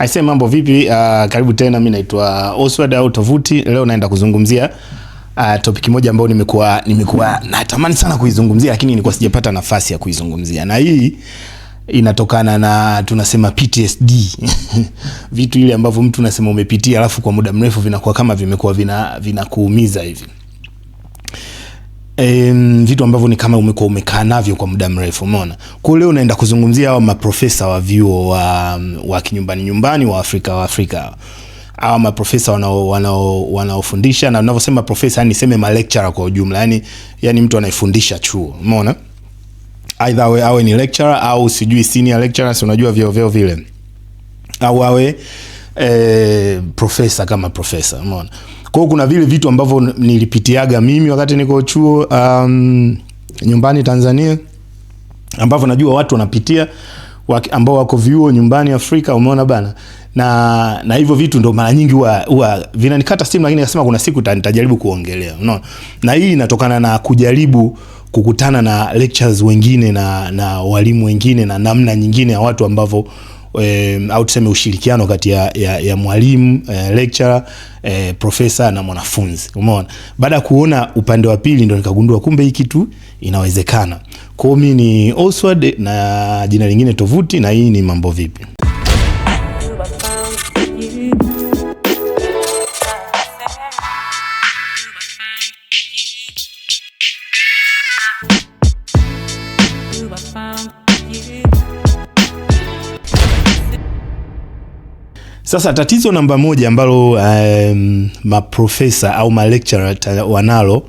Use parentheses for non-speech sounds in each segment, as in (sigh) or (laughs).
Aisee, mambo vipi? Uh, karibu tena. Mimi naitwa Oswald au Tovuti. Leo naenda kuzungumzia uh, topic moja ambayo nimekuwa nimekuwa natamani sana kuizungumzia, lakini nilikuwa sijapata nafasi ya kuizungumzia, na hii inatokana na tunasema PTSD (laughs) vitu ile ambavyo mtu unasema umepitia, alafu kwa muda mrefu vinakuwa kama vimekuwa vina hivi e, vitu ambavyo ni kama umekuwa umekaa navyo kwa muda mrefu, umeona. Kwa leo unaenda kuzungumzia hawa maprofesa wa vyuo wa, wa kinyumbani nyumbani wa Afrika wa Afrika hawa maprofesa wanaofundisha wanao, na unavyosema profesa, yani niseme malecturer kwa ujumla, yani, yani mtu anayefundisha chuo, umeona aidha awe, awe ni lecturer au sijui senior lecturer, si unajua vyo vyo vile, au awe e, profesa kama profesa, umeona kwao kuna vile vitu ambavyo nilipitiaga mimi wakati niko chuo um, nyumbani Tanzania ambavyo najua watu wanapitia ambao wako vyuo nyumbani Afrika, umeona bana, na na hivyo vitu ndo mara nyingi huwa huwa vinanikata simu, lakini nikasema kuna siku nitajaribu kuongelea, no. na hii inatokana na kujaribu kukutana na lectures wengine na na walimu wengine na namna nyingine ya watu ambavyo eh, au tuseme ushirikiano kati ya, ya, ya mwalimu eh, lecturer eh, profesa na mwanafunzi. Umeona, baada ya kuona upande wa pili ndo nikagundua kumbe hii kitu inawezekana. Kwa mi mimi ni Oswald na jina lingine Tovuti, na hii ni Mambo Vipi. Sasa tatizo namba moja ambalo um, maprofesa au malecturer wanalo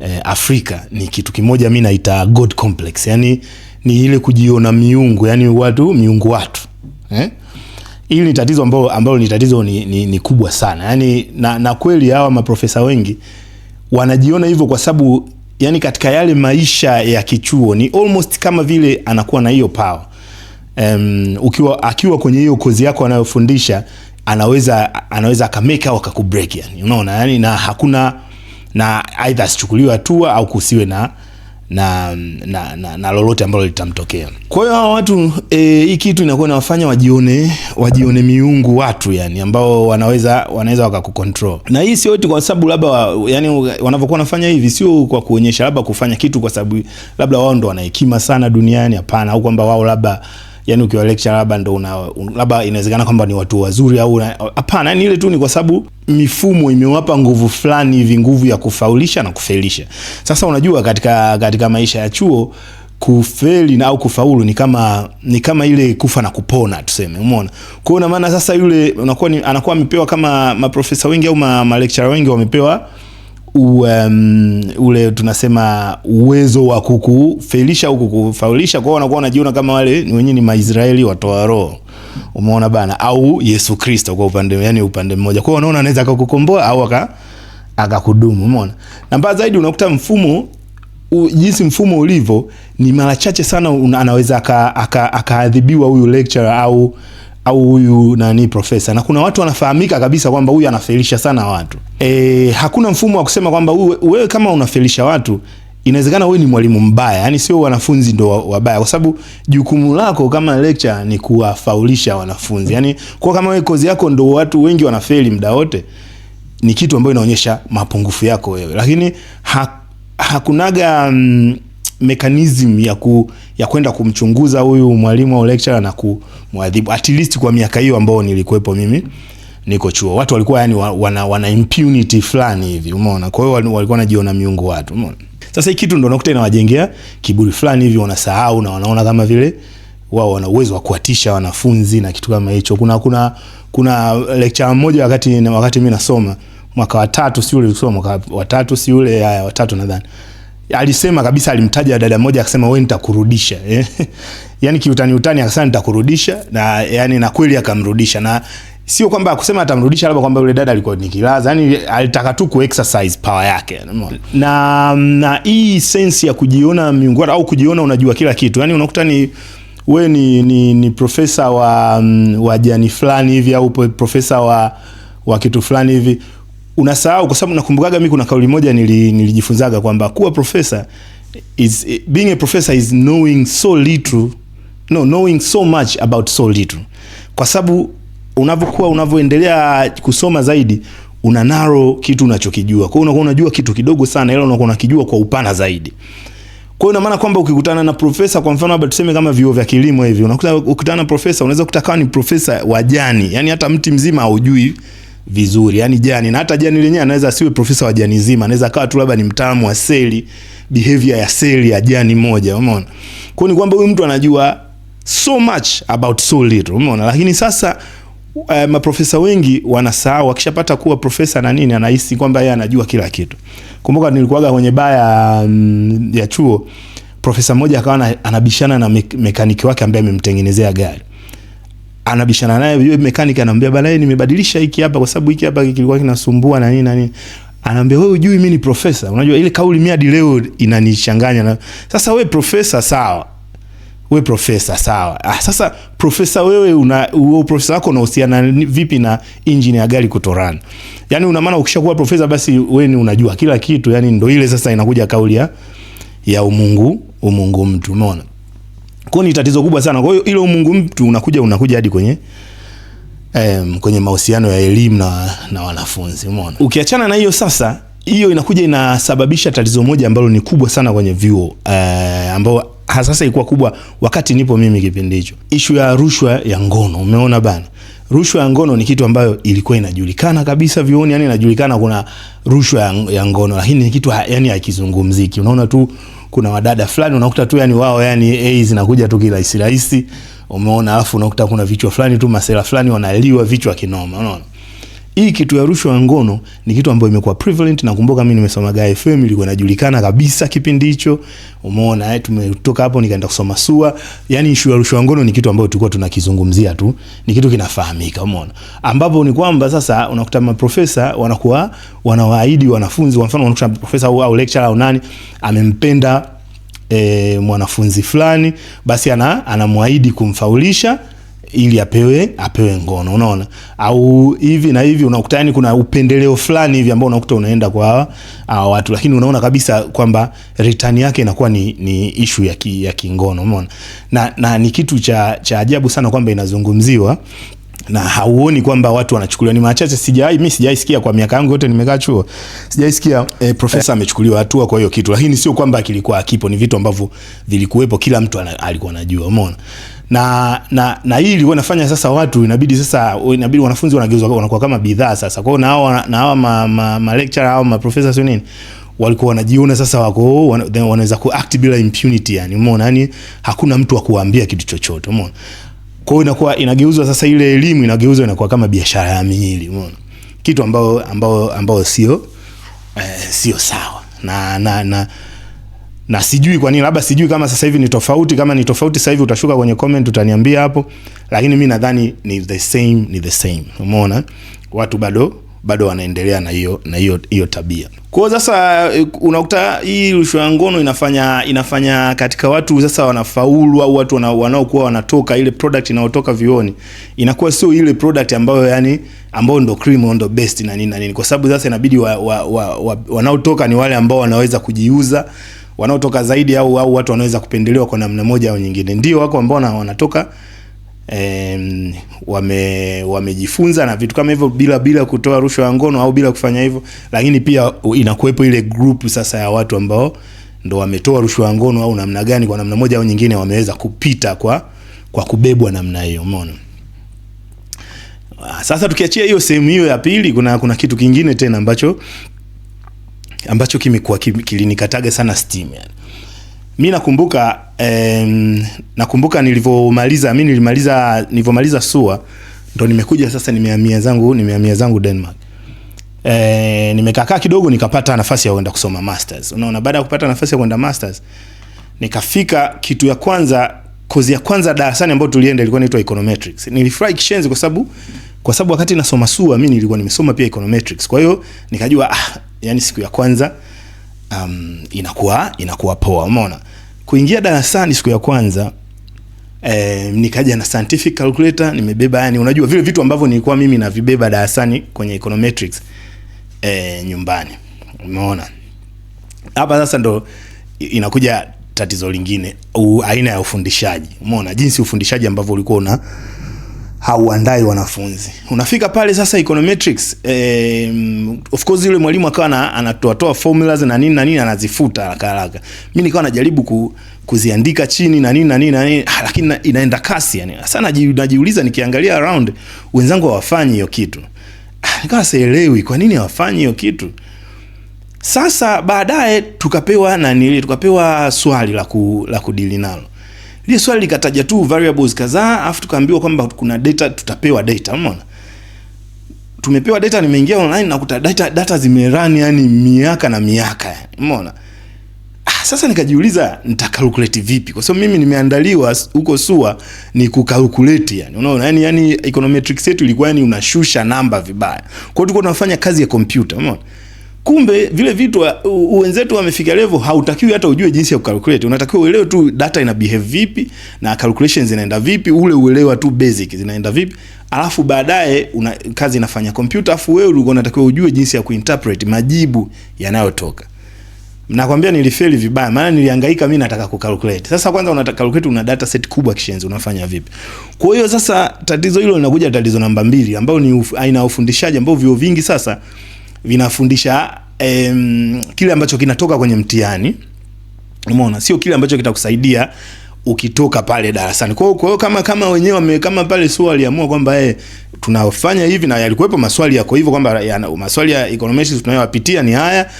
eh, Afrika ni kitu kimoja mimi naita God complex. Yaani ni ile kujiona miungu, yani watu miungu watu. Eh? Hili ni tatizo ambalo ambalo ni tatizo ni, ni, ni kubwa sana. Yaani na, na kweli hawa maprofesa wengi wanajiona hivyo kwa sababu yani katika yale maisha ya kichuo ni almost kama vile anakuwa na hiyo power um, ukiwa akiwa kwenye hiyo kozi yako anayofundisha anaweza anaweza akameka au akakubreak yani, unaona yani, na hakuna na aidha asichukuliwe hatua au kusiwe na na, na, na, na lolote ambalo litamtokea. Kwa hiyo hawa watu e, hii kitu inakuwa inawafanya wajione wajione miungu watu yani ambao wanaweza wanaweza wakakukontrol. Na hii sio eti kwa sababu labda wa, yani wanavyokuwa wanafanya hivi sio kwa kuonyesha labda kufanya kitu kwa sababu labda wao ndo wana hekima sana duniani, hapana, au kwamba wao labda yani ukiwa lecture labda ndo una labda inawezekana kwamba ni watu wazuri au hapana, yani ile tu ni kwa sababu mifumo imewapa nguvu fulani hivi, nguvu ya kufaulisha na kufailisha. Sasa unajua katika, katika maisha ya chuo kufeli na au kufaulu ni kama ni kama ile kufa na kupona tuseme, umeona. Kwa hiyo na maana sasa yule unakuwa ni, anakuwa amepewa kama maprofesa wengi au ma, ma lecturer wengi wamepewa um, ule tunasema uwezo wa kukufelisha au kukufaulisha. kwao, wanakuwa wanajiona kama wale wenyewe ni Maisraeli watoa roho, umeona bana, au Yesu Kristo kwa upande, yani upande mmoja. kwao, wanaona anaweza akakukomboa au aka akakudumu, umeona. Na mbaya zaidi unakuta mfumo U, jinsi mfumo ulivyo ni mara chache sana un, anaweza akaadhibiwa aka huyu lecturer au au huyu nani profesa, na kuna watu wanafahamika kabisa kwamba huyu anafelisha sana watu e, hakuna mfumo wa kusema kwamba wewe kama unafelisha watu inawezekana wewe ni mwalimu mbaya, yani sio wanafunzi ndo wabaya, kwa sababu jukumu lako kama lecturer ni kuwafaulisha wanafunzi. Yani kwa kama wewe kozi yako ndo watu wengi wanafeli muda wote, ni kitu ambayo inaonyesha mapungufu yako wewe, lakini ha, hakunaga mm, mechanism ya ku, ya kwenda kumchunguza huyu mwalimu au lecturer na kumwadhibu at least kwa miaka hiyo ambayo nilikuwepo mimi niko chuo, watu walikuwa yani wana, wana impunity fulani hivi, umeona. Kwa hiyo walikuwa wanajiona miungu watu, umeona. Sasa hii kitu ndo nakuta inawajengea kiburi fulani hivi, wanasahau na wanaona kama vile wao wana uwezo wa kuwatisha wanafunzi na kitu kama hicho. Kuna kuna kuna lecture mmoja wakati wakati mimi nasoma mwaka wa tatu si ule, tulisoma mwaka wa tatu si ule, haya wa tatu nadhani alisema kabisa, alimtaja dada moja akasema, wewe nitakurudisha eh, (laughs) yani kiutani utani akasema nitakurudisha, na yani na kweli akamrudisha, na sio kwamba akusema atamrudisha, labda kwamba yule dada alikuwa nikilaza, yani alitaka tu ku exercise power yake, na na hii sense ya kujiona miungwana au kujiona unajua kila kitu, yani unakuta ni we ni, ni, ni profesa wa, mm, wa jani fulani hivi au profesa wa, wa kitu fulani hivi unasahau, kwa sababu nakumbukaga mimi kuna kauli moja nilijifunzaga kwamba kuwa profesa is being a professor is knowing so little no knowing so much about so little, kwa sababu unavyokuwa unavyoendelea kusoma zaidi una naro kitu unachokijua. Kwa hiyo unakuwa unajua kitu kidogo sana, ila unakuwa unakijua kwa upana zaidi. Kwa hiyo ina maana kwamba ukikutana na profesa, kwa mfano labda tuseme kama vyuo vya kilimo hivi, unakuta ukikutana na profesa, unaweza kutakawa ni profesa wa jani, yani hata mti mzima haujui vizuri. yani jani na hata jani lenyewe anaweza siwe profesa wa jani zima, anaweza akawa tu labda ni mtaalamu wa seli, behavior ya seli ya jani moja, umeona? Kwa ni kwamba huyu mtu anajua so much about so little, umeona? Lakini sasa uh, maprofesa wengi wanasahau, akishapata kuwa profesa na nini, anahisi kwamba yeye anajua kila kitu. Kumbuka nilikuwaga kwenye baya mm, ya chuo, profesa mmoja akawa anabishana na mekaniki wake ambaye amemtengenezea gari anabishana naye yule mekanika, anamwambia bana, yeye nimebadilisha hiki hapa kwa sababu hiki hapa kilikuwa kinasumbua na nini na nini. Anaambia wewe ujui mimi ni profesa. Unajua ile kauli mimi hadi leo inanichanganya na sasa. Wewe profesa sawa, wewe profesa sawa. Ah, sasa profesa wewe una wewe profesa wako unahusiana vipi na engine ya gari kutorana? Yani una maana ukishakuwa profesa basi wewe ni unajua kila kitu, yani ndio ile sasa inakuja kauli ya ya umungu umungu mtu, umeona? Kwa ni tatizo kubwa sana. Kwa hiyo ile umungu mtu unakuja unakuja hadi kwenye um, kwenye mahusiano ya elimu na, na wanafunzi umeona. Ukiachana na hiyo sasa, hiyo inakuja inasababisha tatizo moja ambalo ni kubwa sana kwenye vyuo uh, ambao hasa sasa ilikuwa kubwa wakati nipo mimi kipindi hicho, ishu ya rushwa ya ngono. Umeona bana, rushwa ya ngono ni kitu ambayo ilikuwa inajulikana kabisa vyuoni, yani inajulikana kuna rushwa ya ngono, lakini ni kitu yani hakizungumziki, unaona tu kuna wadada fulani unakuta tu yani wao yani hey, zinakuja tu kirahisi rahisi, umeona. Alafu unakuta kuna vichwa fulani tu masela fulani wanaliwa vichwa kinoma, unaona hii kitu ya rushwa ya ngono ni kitu ambayo imekuwa prevalent. Nakumbuka mimi nimesoma Gaia FM, ilikuwa inajulikana kabisa kipindi hicho, umeona eh. Tumetoka hapo nikaenda kusoma SUA, yani issue ya rushwa ya ngono ni kitu ambayo tulikuwa tunakizungumzia tu, ni kitu kinafahamika, umeona, ambapo ni kwamba sasa unakuta maprofesa wanakuwa wanawaahidi wanafunzi, kwa mfano unakuta profesa au, au lecturer au nani amempenda e, mwanafunzi fulani, basi ana anamwaahidi kumfaulisha ili apewe apewe ngono, unaona au hivi na hivi, unakuta yani kuna upendeleo fulani hivi ambao unakuta unaenda kwa hawa watu, lakini unaona kabisa kwamba return yake inakuwa ni, ni issue ya, ki, ya kingono, umeona na, na ni kitu cha, cha ajabu sana kwamba inazungumziwa na hauoni kwamba watu wanachukuliwa. Ni machache, sijawahi mimi, sijaisikia kwa miaka yangu yote nimekaa chuo, sijaisikia eh, profesa amechukuliwa hatua kwa hiyo kitu, lakini sio kwamba kilikuwa hakipo, ni vitu ambavyo vilikuwepo, kila mtu alikuwa anajua, umeona na na na hili wanafanya sasa, watu inabidi sasa, inabidi wanafunzi wanageuzwa, wanakuwa kama bidhaa sasa. Kwa hiyo na hao na hao ma, ma, ma lecturer au ma professor sio nini, walikuwa wanajiona sasa wako wanaweza ku act bila impunity, yani umeona, yani hakuna mtu wa kuambia kitu chochote, umeona. Kwa hiyo inakuwa inageuzwa sasa, ile elimu inageuzwa inakuwa kama biashara ya miili, umeona, kitu ambao ambao ambao sio eh, sio sawa na na na na sijui kwa nini, labda sijui kama sasa hivi ni tofauti. Kama ni tofauti sasa hivi utashuka kwenye comment utaniambia hapo, lakini mimi nadhani ni the same, ni the same. Umeona watu bado bado wanaendelea na hiyo na hiyo hiyo tabia. Kwa hiyo sasa eh, unakuta hii rushwa ya ngono inafanya inafanya katika watu sasa wanafaulu au watu wanaokuwa wanatoka ile product inayotoka vioni inakuwa sio ile product ambayo yani ambayo ndo cream ndo best na nini na nini, kwa sababu sasa inabidi wa, wa, wa, wa, wanaotoka ni wale ambao wanaweza kujiuza wanaotoka zaidi au au watu wanaweza kupendelewa kwa namna moja au nyingine. Ndio wako ambao na wanatoka em, wame wamejifunza na vitu kama hivyo bila bila kutoa rushwa ya ngono au bila kufanya hivyo, lakini pia inakuwepo ile group sasa ya watu ambao ndo wametoa rushwa ya ngono au namna gani, kwa namna moja au nyingine wameweza kupita kwa kwa kubebwa namna hiyo, umeona. Sasa tukiachia hiyo sehemu hiyo ya pili, kuna kuna kitu kingine tena ambacho ambacho kimekuwa kilinikataga sana steam yani. Mimi nakumbuka eh, nakumbuka nilivyomaliza mimi nilimaliza nilivyomaliza SUA ndo nimekuja sasa nimehamia zangu nimehamia zangu Denmark. Eh, nimekaa kidogo nikapata nafasi ya kwenda kusoma masters. Unaona, baada ya kupata nafasi ya kwenda masters nikafika, kitu ya kwanza kozi ya kwanza darasani ambayo tulienda ilikuwa inaitwa econometrics. Nilifurahi kishenzi kwa sababu kwa sababu wakati nasoma SUA mimi nilikuwa nimesoma pia econometrics. Kwa hiyo nikajua ah, yani siku ya kwanza um, inakuwa inakuwa poa. Umeona, kuingia darasani siku ya kwanza eh, nikaja na scientific calculator nimebeba, yani unajua vile vitu ambavyo nilikuwa mimi navibeba darasani kwenye econometrics eh, nyumbani. Umeona, hapa sasa ndo inakuja tatizo lingine, aina ya ufundishaji. Umeona jinsi ufundishaji ambavyo ulikuwa una hauandai wanafunzi. Unafika pale sasa econometrics, eh, of course yule mwalimu akawa anatoa toa formulas na nini na nini anazifuta haraka haraka. Mimi nikawa najaribu ku, kuziandika chini na nini na nini na nini, ah, lakini inaenda kasi yani. Sasa naji, najiuliza nikiangalia around wenzangu hawafanyi hiyo kitu. Ah, nikawa sielewi kwa nini hawafanyi hiyo kitu. Sasa baadaye tukapewa na nili tukapewa swali la ku, la kudili nalo. Ile swali likataja tu variables kadhaa afu tukaambiwa kwamba kuna data tutapewa data, umeona? Tumepewa data, nimeingia online nakuta data data zimerun yani miaka na miaka, umeona? Ah, sasa nikajiuliza nita calculate vipi? Kwa sababu mimi nimeandaliwa huko SUA ni kukalkulate yani. Unaona yani yani econometrics yetu ilikuwa yani unashusha namba vibaya. Kwa hiyo tulikuwa tunafanya kazi ya kompyuta, umeona? Kumbe vile vitu wenzetu wamefika level, hautakiwi hata ujue jinsi ya kucalculate, unatakiwa uelewe tu data ina behave vipi na calculations zinaenda vipi, ule uelewa tu basic zinaenda vipi, alafu baadaye kazi inafanya kompyuta, afu wewe ulikuwa unatakiwa ujue jinsi ya kuinterpret majibu yanayotoka. Nakwambia nilifeli vibaya, maana nilihangaika mimi nataka kucalculate. Sasa kwanza una calculate, una data set kubwa kishenzi, unafanya vipi? Kwa hiyo sasa tatizo hilo linakuja, tatizo namba mbili, ambayo ni aina ya ufundishaji ambao vio vingi sasa vinafundisha em, kile ambacho kinatoka kwenye mtihani. Umeona, sio kile ambacho kitakusaidia ukitoka pale darasani. Kwa hiyo kama kama wenyewe wame kama pale SUA waliamua kwamba eh, tunafanya hivi na yalikuwepo maswali yako hivyo kwamba ya, maswali ya economics tunayowapitia ni haya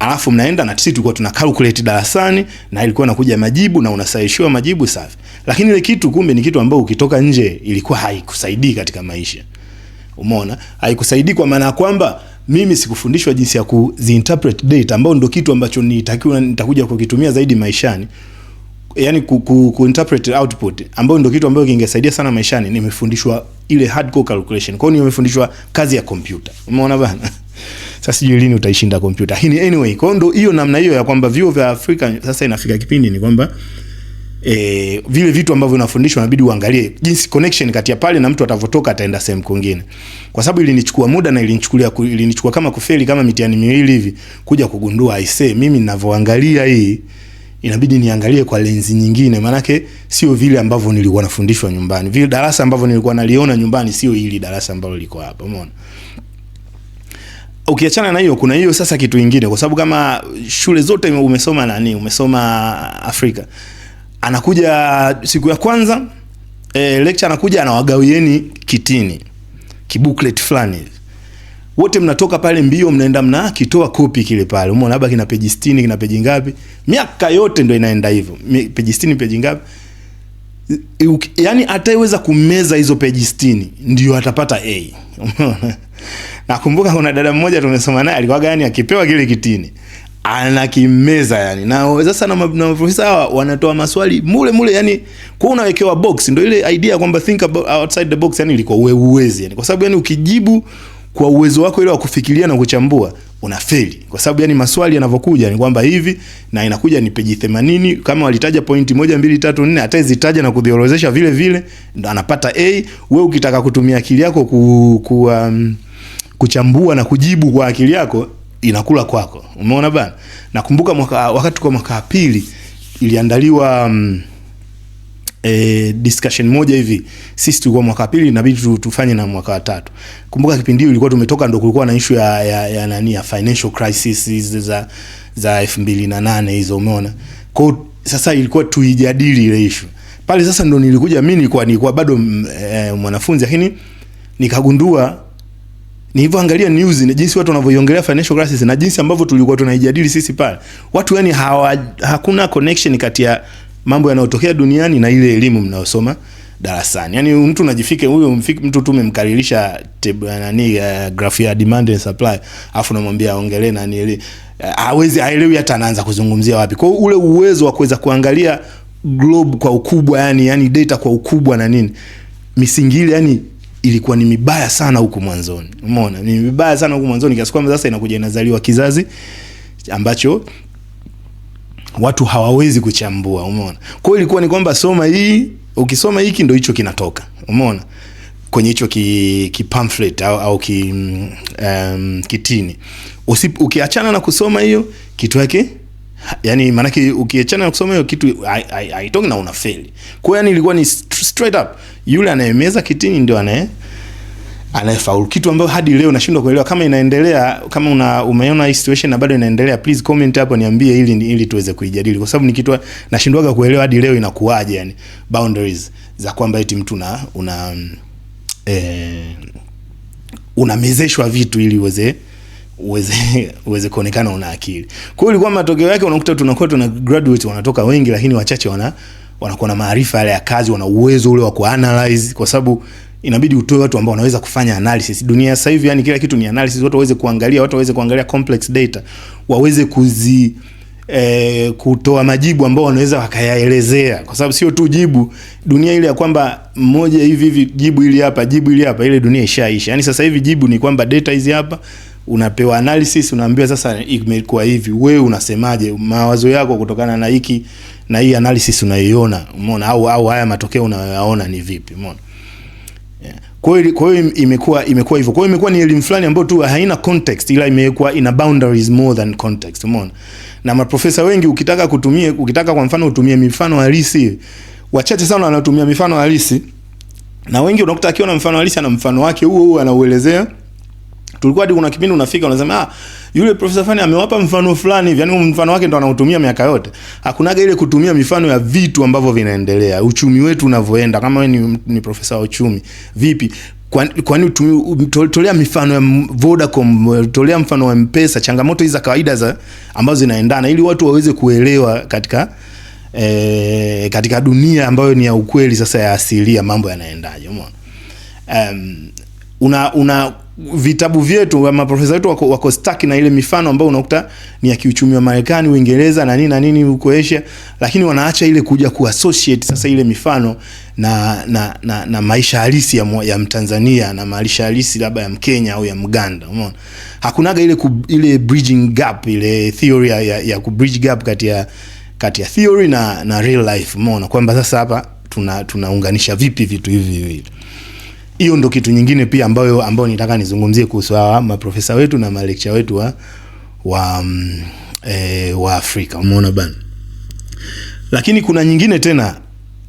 alafu mnaenda na sisi tulikuwa tuna calculate darasani na ilikuwa nakuja majibu na unasahishiwa majibu safi. Lakini ile kitu kumbe ni kitu ambayo ukitoka nje ilikuwa haikusaidii katika maisha. Umeona? Haikusaidii kwa maana ya kwamba mimi sikufundishwa jinsi ya kuziinterpret data, ambao ndio kitu ambacho nitakiwa nitakuja kukitumia zaidi maishani, yani ku, ku, ku interpret output, ambayo ndio kitu ambacho kingesaidia sana maishani. Nimefundishwa ile hardcore calculation, kwa hiyo nimefundishwa kazi ya kompyuta. Umeona bana? (laughs) Sasa sijui lini utaishinda kompyuta, lakini anyway, kwa hiyo ndio hiyo namna hiyo ya kwamba vyuo vya Afrika sasa inafika kipindi ni kwamba E, vile vitu ambavyo unafundishwa inabidi uangalie jinsi connection kati ya pale na mtu atavotoka ataenda sehemu kwingine, kwa sababu ilinichukua muda na ilinichukulia ilinichukua kama kufeli kama mitihani miwili hivi kuja kugundua aise, mimi ninavyoangalia hii inabidi niangalie kwa lenzi nyingine, maanake sio vile ambavyo nilikuwa nafundishwa nyumbani. Vile darasa ambavyo nilikuwa naliona nyumbani sio hili darasa ambalo liko hapa, umeona. Ukiachana na hiyo, kuna hiyo sasa kitu kingine, kwa sababu kama shule zote umesoma nani, umesoma Afrika anakuja siku ya kwanza e, lecture anakuja anawagawieni kitini kibuklet fulani wote mnatoka pale mbio, mnaenda mna kitoa kopi kile pale. Umeona labda kina peji 60 kina peji ngapi? Miaka yote ndio inaenda hivyo, peji 60 peji ngapi? yani ataiweza kumeza hizo peji 60 ndio atapata A. (laughs) Nakumbuka kuna dada mmoja tumesoma naye alikuwa gani akipewa kile kitini anakimeza yani, na sasa na maprofesa hawa wanatoa maswali mule mule yani, kwa unawekewa box, ndio ile idea kwamba think about outside the box yani, ilikuwa uwe uwezi yani, kwa sababu yani ukijibu kwa uwezo wako ile wa kufikiria na kuchambua unafeli, kwa sababu yani maswali yanavyokuja ni kwamba hivi, na inakuja ni peji 80 kama walitaja pointi moja mbili tatu nne, zitaja na kudhiorozesha vile vile, ndo anapata A. Wewe ukitaka kutumia akili yako ku, ku um, kuchambua na kujibu kwa akili yako inakula kwako. Umeona bana? Nakumbuka mwaka wakati kwa mwaka pili iliandaliwa mm, e, discussion moja hivi. Sisi tulikuwa mwaka pili inabidi tufanye na mwaka wa tatu. Kumbuka kipindi hicho ilikuwa tumetoka ndo kulikuwa na issue ya, ya, ya nani ya financial crisis za za 2008 hizo umeona. Kwa sasa ilikuwa tuijadili ile issue. Pale sasa ndo nilikuja mimi nilikuwa nilikuwa bado mm, e, mwanafunzi lakini nikagundua nilivyoangalia news ni jinsi watu wanavyoiongelea financial crisis na jinsi ambavyo tulikuwa tunaijadili sisi pale, watu yani hawa, hakuna connection kati ya mambo yanayotokea duniani na ile elimu mnayosoma darasani. Yani mtu unajifike huyo mtu tu umemkaririsha nani, uh, graph ya demand and supply, afu namwambia aongelee nani ile eh, hawezi, uh, haelewi hata anaanza kuzungumzia wapi. Kwa ule uwezo wa kuweza kuangalia globe kwa ukubwa yani, yani data kwa ukubwa na nini misingi ile yani ilikuwa ni mibaya sana huku mwanzoni. Umeona, ni mibaya sana huku mwanzoni kiasi kwamba sasa inakuja inazaliwa kizazi ambacho watu hawawezi kuchambua. Umeona, kwa hiyo ilikuwa ni kwamba soma hii, ukisoma hiki ndio hicho kinatoka. Umeona, kwenye hicho ki, ki pamphlet au, au ki, um, kitini Usip, ukiachana na kusoma hiyo kitu yake yani maanake ukiachana na kusoma hiyo kitu haitoki na unafeli. Kwa hiyo yani ilikuwa ni straight up yule anayemeza kitini ndio anaye anayefaulu, kitu ambayo hadi leo nashindwa kuelewa kama inaendelea. Kama una umeona hii situation na bado inaendelea, please comment hapo niambie, ili ili tuweze kuijadili, kwa sababu ni kitu nashindwaga kuelewa hadi leo inakuwaje, yani boundaries za kwamba eti mtu na una mm, eh, unamezeshwa vitu ili uweze uweze uweze kuonekana una akili. Kwa hiyo ilikuwa matokeo yake unakuta tunakuwa tuna graduate wanatoka wengi, lakini wachache wana wanakuwa na maarifa yale ya kazi, wana uwezo ule wa kuanalyze, kwa sababu inabidi utoe watu ambao wanaweza kufanya analysis. Dunia sasa hivi yani kila kitu ni analysis, watu waweze kuangalia, watu waweze kuangalia complex data, waweze kuzi E, kutoa majibu ambao wanaweza wakayaelezea, kwa sababu sio tu jibu. Dunia ile ya kwamba mmoja hivi hivi, jibu ili hapa, jibu ili hapa, ile dunia ishaisha. Yani sasa hivi jibu ni kwamba data hizi hapa unapewa analysis, unaambiwa sasa imekuwa hivi, wewe unasemaje, mawazo yako kutokana na hiki na hii analysis unaiona, umeona, au au haya matokeo unayoyaona ni vipi, umeona. Kwa hiyo kwa hiyo imekuwa imekuwa hivyo. Kwa hiyo imekuwa ni elimu fulani ambayo tu haina context ila imekuwa ina boundaries more than context, umeona. Na maprofesa wengi ukitaka kutumie ukitaka kwa mfano utumie mifano halisi, wachache sana wanatumia mifano halisi. Na wengi unakuta akiona mfano halisi ana mfano wake huo huo anauelezea Tulikuwa hadi kuna kipindi unafika unasema, ah, yule profesa fani amewapa mfano fulani hivi, yani mfano wake ndo anautumia miaka yote. Hakunaga ile kutumia mifano ya vitu ambavyo vinaendelea, uchumi wetu unavyoenda. Kama wewe ni, ni profesa wa uchumi, vipi kwani um, tolea mifano ya Vodacom, tolea mfano wa Mpesa, changamoto hizi za kawaida za ambazo zinaendana, ili watu waweze kuelewa katika e, katika dunia ambayo ni ya ukweli sasa ya asilia, mambo yanaendaje? Umeona um, una, una vitabu vyetu wa maprofesa wetu wako, wako stuck na ile mifano ambayo unakuta ni ya kiuchumi wa Marekani, Uingereza na nini na nini huko Asia, lakini wanaacha ile kuja ku associate sasa ile mifano na, na, na, na maisha halisi ya, ya Mtanzania na maisha halisi labda ya Mkenya au ya Mganda. Umeona, hakunaga ile, ku, ile bridging gap ile theory ya, ya ku bridge gap kati ya kati ya theory na, na real life. Umeona kwamba sasa hapa tuna tunaunganisha vipi vitu hivi viwili hiyo ndo kitu nyingine pia ambayo ambayo nitaka nizungumzie kuhusu hawa maprofesa wetu na malekcha wetu wa wa, mm, e, wa Afrika. Umeona bana, lakini kuna nyingine tena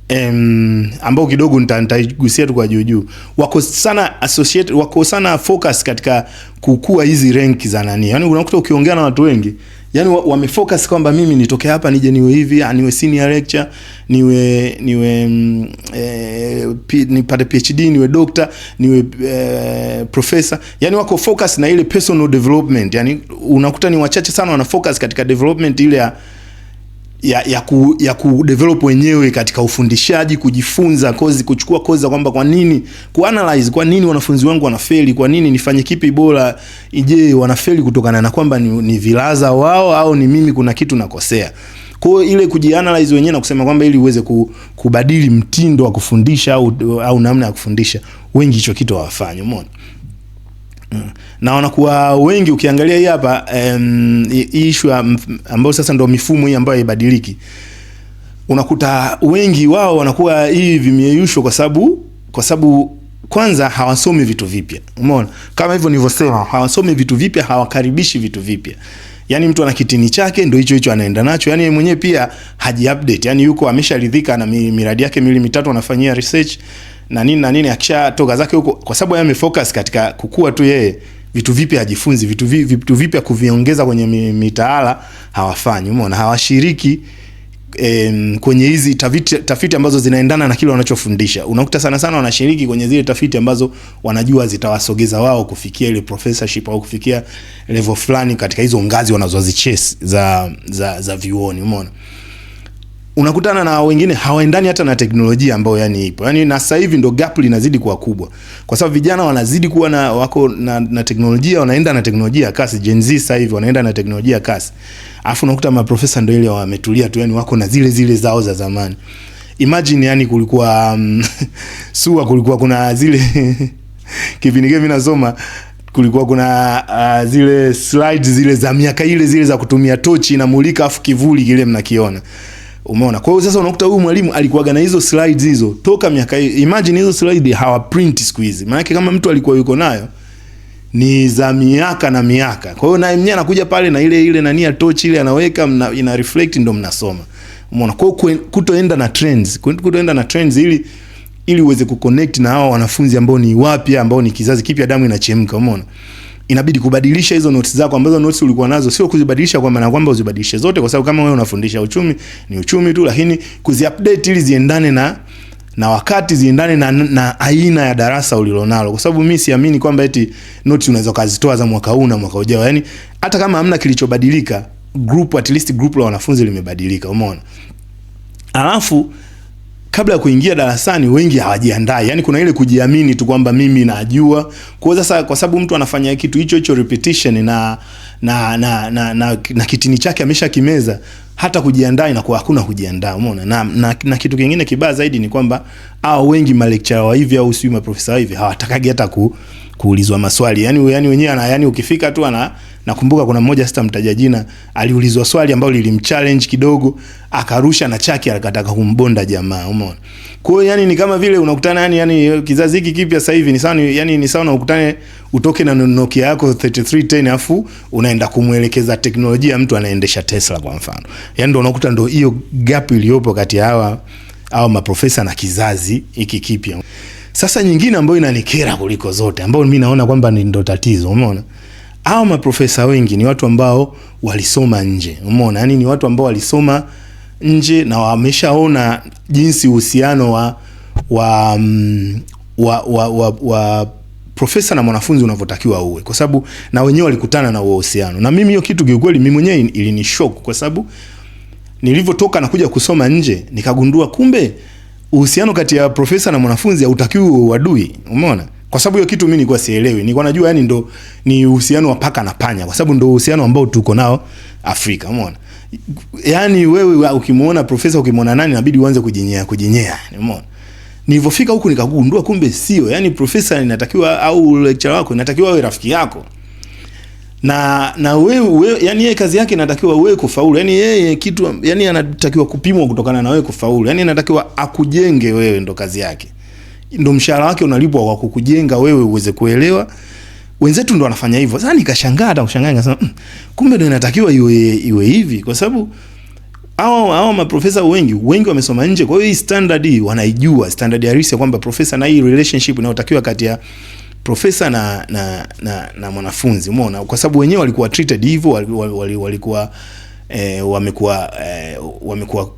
em, ambao kidogo nitagusia tu kwa juu juu. Wako sana associate, wako sana focus katika kukua hizi rank za nani, yaani unakuta ukiongea na watu wengi yani wamefocus kwamba mimi nitoke hapa nije niwe hivi, ah, niwe senior lecture niwe niwe mm, eh, nipate PhD, niwe doctor, niwe e, professor. Yani wako focus na ile personal development. Yani unakuta ni wachache sana wana focus katika development ile ya ya, ya, ku, ya develop wenyewe katika ufundishaji, kujifunza kozi, kuchukua kozi za kwamba kwa nini analyze kwa nini wanafunzi wangu wanafeli, kwa nini nifanye kipi bora, ije wanafeli kutokana na kwamba ni, ni vilaza wao au ni mimi kuna kitu nakosea. Kwa hiyo ile kujianalyze wenyewe na kusema kwamba ili uweze kubadili mtindo wa kufundisha au, au namna ya kufundisha, wengi hicho kitu hawafanyi, umeona. Mm. na wanakuwa wengi. Ukiangalia hii hapa um, issue ambayo sasa ndio mifumo hii ambayo haibadiliki, unakuta wengi wao wanakuwa hii vimeyeyushwa, kwa sababu kwa sababu kwanza hawasomi vitu vipya. Umeona kama hivyo nilivyosema, hawasomi vitu vipya, hawakaribishi vitu vipya. Yani mtu ana kitini chake ndio hicho hicho anaenda nacho, yani yeye mwenyewe pia haji update, yani yuko amesharidhika na miradi yake miwili mitatu, anafanyia research na nini na nini, akishatoka zake huko, kwa sababu yeye amefocus katika kukua tu yeye vitu vipya ajifunze vitu vipya, vitu vipya kuviongeza kwenye mitaala hawafanyi, umeona, hawashiriki e, kwenye hizi tafiti, tafiti ambazo zinaendana na kile wanachofundisha. Unakuta sana sana wanashiriki kwenye zile tafiti ambazo wanajua zitawasogeza wao kufikia ile professorship au kufikia level fulani katika hizo ngazi wanazozichase za, za, za vyuoni, umeona unakutana na wengine hawaendani hata na teknolojia ambayo yani ipo yani, na sasa hivi ndo gap linazidi kuwa kubwa, kwa sababu vijana wanazidi kuwa na wako na, na teknolojia wanaenda na teknolojia kasi. Gen Z sasa hivi wanaenda na teknolojia kasi, afu unakuta maprofesa ndo ile wametulia tu, yani wako na zile zile zao za zamani. Imagine yani kulikuwa um, (laughs) SUA kulikuwa kuna zile (laughs) kipindi kile vinasoma kulikuwa kuna uh, zile slides zile za miaka ile zile za kutumia tochi inamulika afu kivuli kile mnakiona Umeona? Kwa hiyo sasa unakuta huyu mwalimu alikuwaga na hizo slides hizo toka miaka hiyo. Imagine hizo slides hawa print siku hizi. Maana kama mtu alikuwa yuko nayo ni za miaka na miaka. Kwa hiyo naye mwenyewe anakuja pale na ile ile nani ya torch ile anaweka mna, ina reflect ndo mnasoma. Umeona? Kwa hiyo kutoenda na trends, kutoenda na trends ili ili uweze kuconnect na hao wanafunzi ambao ni wapya ambao ni kizazi kipya damu inachemka, umeona? inabidi kubadilisha hizo notes zako ambazo notes ulikuwa nazo, sio kuzibadilisha kwa maana kwamba uzibadilishe zote, kwa sababu kama wewe unafundisha uchumi ni uchumi tu, lakini kuziupdate ili ziendane na na wakati ziendane na, na aina ya darasa ulilonalo, kwa sababu mimi siamini kwamba eti notes unaweza kuzitoa za mwaka huu na mwaka ujao. Yani hata kama hamna kilichobadilika group, at least group la wanafunzi limebadilika, umeona alafu kabla ya kuingia darasani wengi hawajiandai, yani kuna ile kujiamini tu kwamba mimi najua. Kwa sasa, kwa sababu mtu anafanya kitu hicho hicho repetition na na na na, na, na kitini chake amesha kimeza hata kujiandaa inakuwa hakuna kujiandaa, umeona na, na, na kitu kingine kibaya zaidi ni kwamba au wengi malecturer wa hivi au sio maprofesa hivi hawatakagi hata ku kuulizwa maswali. yani, yani wenyewe ana yani, ukifika tu ana nakumbuka kuna mmoja sita mtaja jina aliulizwa swali ambalo lilimchallenge kidogo akarusha na chaki akataka kumbonda jamaa, umeona. Kwa hiyo yani ni kama vile unakutana yani yani kizazi hiki kipya sasa hivi ni sawa yani ni sawa unakutane utoke na Nokia yako 3310 afu unaenda kumwelekeza teknolojia mtu anaendesha Tesla kwa mfano. Yani ndio unakuta ndio hiyo gap iliyopo kati ya hawa hawa maprofesa na kizazi hiki kipya. Sasa nyingine ambayo inanikera kuliko zote, ambayo mi naona kwamba ni ndo tatizo, umeona hawa maprofesa wengi ni watu ambao walisoma nje, umeona yani ni watu ambao walisoma nje na wameshaona jinsi uhusiano wa wa, mm, wa, wa, wa, wa profesa na mwanafunzi unavyotakiwa uwe, kwa sababu na wenyewe walikutana na uhusiano. Na mimi hiyo kitu kiukweli, mimi mwenyewe ilinishock, kwa sababu nilivyotoka na kuja kusoma nje nikagundua kumbe uhusiano kati ya profesa na mwanafunzi hautakiwi uadui, umeona? Kwa sababu hiyo kitu mimi nilikuwa sielewi, nilikuwa najua yani ndo ni uhusiano wa paka na panya, kwa sababu ndo uhusiano ambao tuko nao Afrika, umeona? Yani wewe ukimuona profesa, ukimuona nani, inabidi uanze kujinyea kujinyea, umeona? Nilivyofika huku nikagundua kumbe sio, yani profesa inatakiwa au lecturer wako inatakiwa awe rafiki yako na na wewe, wewe yani yeye kazi yake inatakiwa wewe kufaulu. Yani yeye kitu yani anatakiwa kupimwa kutokana na wewe kufaulu. Yani inatakiwa akujenge wewe, ndo kazi yake, ndo mshahara wake unalipwa kwa kukujenga wewe uweze kuelewa. Wenzetu ndo wanafanya hivyo. Sasa nikashangaa, hata kushangaa nikasema mm, kumbe ndo inatakiwa iwe iwe hivi, kwa sababu hao hao maprofesa wengi wengi wamesoma nje, kwa hiyo hii standard hii wanaijua, standard halisi kwamba profesa na hii relationship inayotakiwa kati ya profesa na, na, na, na mwanafunzi umeona, kwa sababu wenyewe walikuwa treated hivyo, walikuwa eh, wamekuwa eh, wamekuwa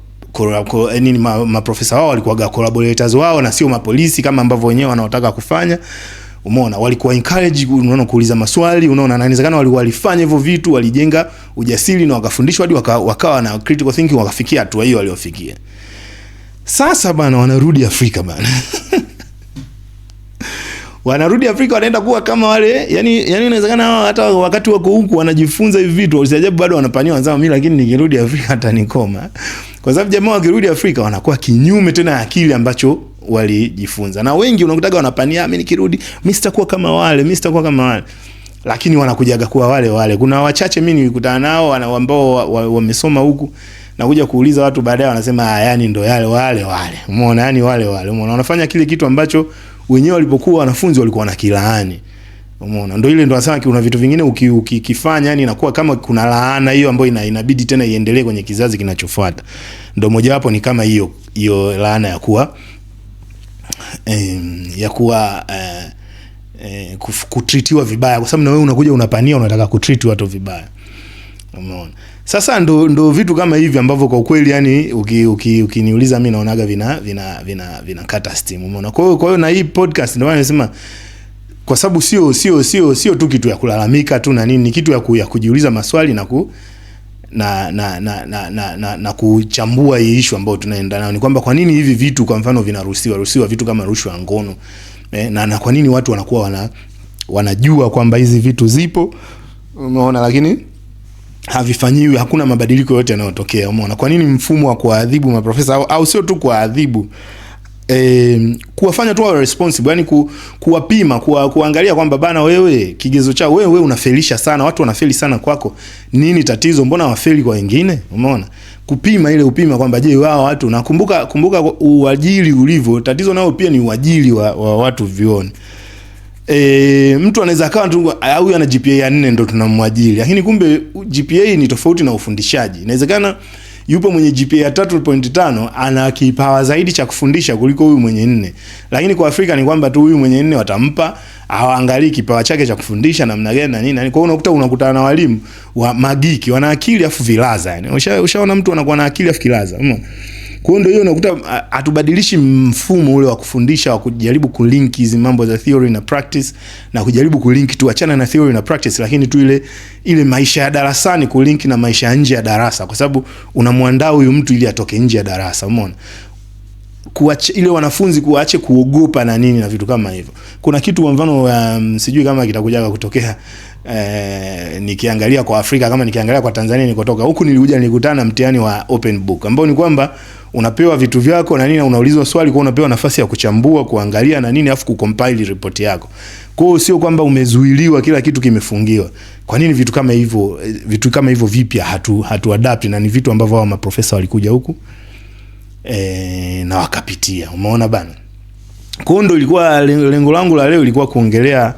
eh, nini maprofesa ma wao walikuwaga collaborators wao na sio mapolisi kama ambavyo wenyewe wanaotaka kufanya. Umeona, walikuwa encourage, unaona, kuuliza maswali, unaona, na inawezekana walifanya hivyo vitu, walijenga ujasiri na wakafundishwa hadi waka, wakawa na critical thinking, wakafikia hatua hiyo waliofikia. Sasa bana, wanarudi Afrika bana (laughs) wanarudi Afrika wanaenda kuwa kama wale, yani yani inawezekana hawa hata wakati wako huku wanajifunza hivi vitu, usijabu bado wanapania wanzao, mimi lakini nikirudi Afrika hata nikoma, kwa sababu jamaa wakirudi Afrika wanakuwa kinyume tena ya kile ambacho walijifunza, na wengi unakutaga wanapania, mimi nikirudi mimi sitakuwa kama wale, mimi sitakuwa kama wale lakini wanakujaga kuwa wale wale. Kuna wachache mimi nilikutana nao ambao wamesoma wa, wa huku na kuja kuuliza watu baadaye, wanasema ah, yani ndo yale wale wale, umeona, yani wale wale, umeona, wanafanya kile kitu ambacho wenyewe walipokuwa wanafunzi walikuwa na kilaani Umeona, ndo ile ndo nasema kuna vitu vingine ukikifanya, yani inakuwa kama kuna laana hiyo ambayo ina, inabidi tena iendelee kwenye kizazi kinachofuata. ndo mojawapo ni kama hiyo hiyo laana ya kuwa eh, ya kuwa eh, eh, kutritiwa vibaya, kwa sababu na wewe unakuja unapania, unataka kutritiwa watu vibaya. Umeona? Sasa ndo, ndo vitu kama hivi ambavyo kwa kweli yani ukiniuliza uki, uki, mimi naonaga vina vina vina vina kata steam. Umeona? Kwa hiyo kwa hiyo na hii podcast ndio maana nimesema kwa sababu sio sio sio sio tu kitu ya kulalamika tu na nini, kitu ya, ku, ya kujiuliza maswali na ku na na na na, na, na, na kuchambua hii issue ambayo tunaenda nayo ni kwamba kwa nini hivi vitu kwa mfano vinaruhusiwa ruhusiwa vitu kama rushwa ya ngono eh, na, na kwa nini watu wanakuwa wana wanajua kwamba hizi vitu zipo umeona, lakini havifanyiwi, hakuna mabadiliko yote yanayotokea. Umeona kwa nini mfumo wa kuadhibu maprofesa au, au sio tu kuadhibu E, kuwafanya tu wawe responsible yani ku, kuwapima kuwa, kuangalia kwamba bana, wewe kigezo chao wewe, unafelisha sana, watu wanafeli sana kwako, nini tatizo? Mbona wafeli kwa wengine? Umeona, kupima ile upima kwamba je, wao watu nakumbuka kumbuka uajiri ulivyo, tatizo nao pia ni uajili wa, wa watu vioni E, mtu anaweza akawa tu ah, huyu ana GPA ya 4 ndo tunamwajiri, lakini kumbe GPA ni tofauti na ufundishaji. Inawezekana yupo mwenye GPA ya 3.5 ana kipawa zaidi cha kufundisha kuliko huyu mwenye nne, lakini kwa Afrika ni kwamba tu huyu mwenye nne watampa, hawaangalii kipawa chake cha kufundisha namna gani na nini. Yaani kwa hiyo unakuta unakutana na walimu wa magiki, wana akili afu vilaza, yani ushaona usha mtu anakuwa na akili afu kilaza, umeona? Kwa hiyo ndio hiyo unakuta hatubadilishi mfumo ule wa kufundisha wa kujaribu kulink hizi mambo za theory na practice na kujaribu kulink tu, achana na theory na practice, lakini tu ile ile maisha ya darasani kulink na maisha ya nje ya darasa, kwa sababu unamwandaa huyu mtu ili atoke nje ya darasa, umeona kuache ile wanafunzi kuache kuogopa na nini na vitu kama hivyo. Kuna kitu kwa mfano um, sijui kama kitakuja kutokea Eh, nikiangalia kwa Afrika kama nikiangalia kwa Tanzania nikotoka huku nilikuja nilikutana na mtihani wa open book ambao ni kwamba unapewa vitu vyako na nini, unaulizwa swali, kwa unapewa nafasi ya kuchambua, kuangalia na nini, afu kucompile report yako. Kwa hiyo sio kwamba umezuiliwa, kila kitu kimefungiwa. Kwa nini vitu kama hivyo, vitu kama hivyo vipya hatu hatu adapt, na ni vitu ambavyo hao maprofesa walikuja huku eh, na wakapitia. Umeona bana, kwa hiyo ndo ilikuwa lengo langu la leo, ilikuwa kuongelea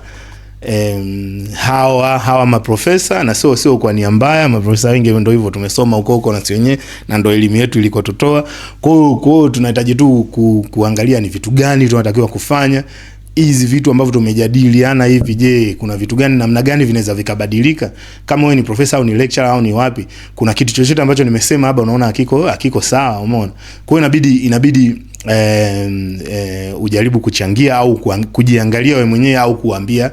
um, hawa hawa maprofesa, na sio sio kwa nia mbaya, maprofesa wengi ndio hivyo, tumesoma huko huko na sio wenyewe, na ndio elimu yetu ilikotutoa. Kwa hiyo tunahitaji tu ku, kuangalia ni vitu gani tunatakiwa kufanya hizi vitu ambavyo tumejadiliana hivi, je, kuna vitu gani namna gani vinaweza vikabadilika? Kama wewe ni profesa au ni lecturer au ni wapi, kuna kitu chochote ambacho nimesema hapa unaona hakiko hakiko sawa, umeona? Kwa hiyo inabidi inabidi eh, eh, ujaribu kuchangia au kujiangalia wewe mwenyewe au kuambia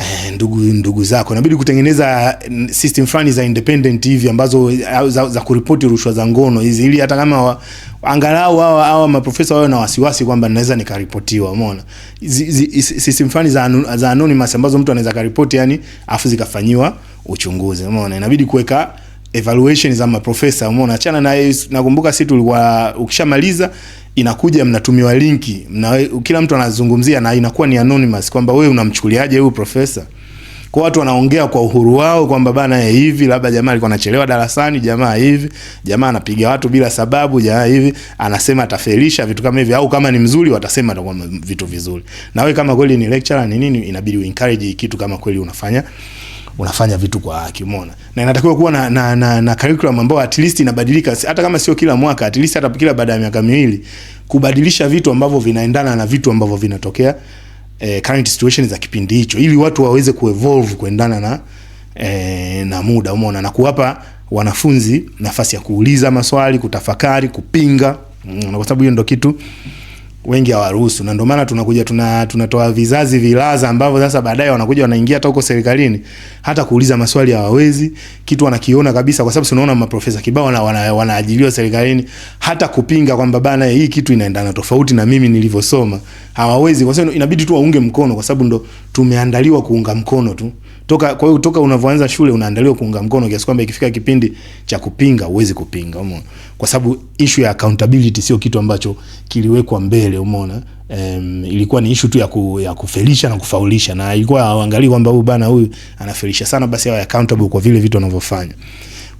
eh, ndugu ndugu zako, inabidi kutengeneza mm, system fulani za independent hivi ambazo za, za kuripoti rushwa za ngono hizi, ili hata kama wa, angalau hawa hawa maprofesa wawe na wasiwasi kwamba naweza nikaripotiwa. Umeona system fulani za, za anonymous ambazo mtu anaweza karipoti, yani afu zikafanyiwa uchunguzi. Umeona, inabidi kuweka evaluation za maprofesa. Umeona, achana na nakumbuka, sisi tulikuwa ukishamaliza inakuja mnatumiwa linki mna, kila mtu anazungumzia na inakuwa ni anonymous kwamba wewe unamchukuliaje huyu profesa. Kwa watu wanaongea kwa uhuru wao kwamba bana ye eh, hivi labda jamaa alikuwa anachelewa darasani, jamaa hivi, jamaa anapiga watu bila sababu, jamaa hivi anasema atafelisha vitu kama hivi, au kama ni mzuri watasema atakuwa vitu vizuri. Na wewe kama kweli ni lecturer ni nini, inabidi uencourage kitu kama kweli unafanya unafanya vitu kwa haki, umeona, na inatakiwa kuwa na, na, na, na curriculum ambayo at least inabadilika, hata kama sio kila mwaka, at least hata kila baada ya miaka miwili, kubadilisha vitu ambavyo vinaendana na vitu ambavyo vinatokea eh, current situation za kipindi hicho, ili watu waweze kuevolve kuendana na eh, na muda, umeona, na kuwapa wanafunzi nafasi ya kuuliza maswali, kutafakari, kupinga, kwa sababu hiyo ndo kitu wengi hawaruhusu, na ndio maana tunakuja tuna tunatoa vizazi vilaza ambavyo sasa baadaye wanakuja wanaingia hata huko serikalini, hata kuuliza maswali hawawezi, kitu wanakiona kabisa, kwa sababu unaona maprofesa kibao na wana, wanaajiliwa serikalini, hata kupinga kwamba bana, hii kitu inaendana tofauti na mimi nilivyosoma hawawezi, kwa sababu inabidi tu waunge mkono, kwa sababu ndo tumeandaliwa kuunga mkono tu toka, kwa hiyo toka unavyoanza shule unaandaliwa kuunga mkono kiasi kwamba ikifika kipindi cha kupinga uwezi kupinga, umeona, kwa sababu issue ya accountability sio kitu ambacho kiliwekwa mbele, umeona. Um, ilikuwa ni issue tu ya, ku, ya kufelisha na kufaulisha, na ilikuwa hawaangalii kwamba huyu bana huyu anafelisha sana, basi awe accountable kwa vile vitu anavyofanya.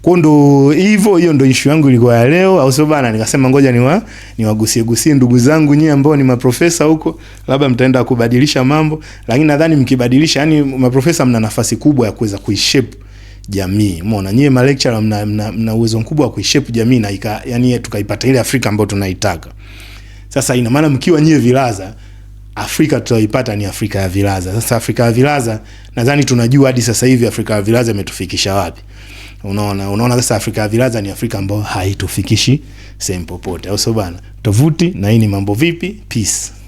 Kwa ndo hivyo, hiyo ndo ishu yangu ilikuwa ya leo, au sio bana? Nikasema ngoja niwa niwagusie gusie ndugu zangu nyie ambao ni maprofesa huko, labda mtaenda kubadilisha mambo, lakini nadhani mkibadilisha, yani maprofesa mna nafasi kubwa ya kuweza kuishape jamii. Umeona nyie ma lecturer mna, mna, mna uwezo mkubwa wa kuishape jamii na ika, yani tukaipata ile Afrika ambayo tunaitaka. Sasa ina maana mkiwa nyie vilaza Afrika tutaipata ni Afrika ya vilaza. Sasa Afrika ya vilaza nadhani tunajua hadi sasa hivi Afrika ya vilaza imetufikisha wapi. Unaona, unaona sasa Afrika ya ni Afrika ambayo haitufikishi sehemu popote, au sio bana? Tovuti na hii ni Mambo Vipi Peace.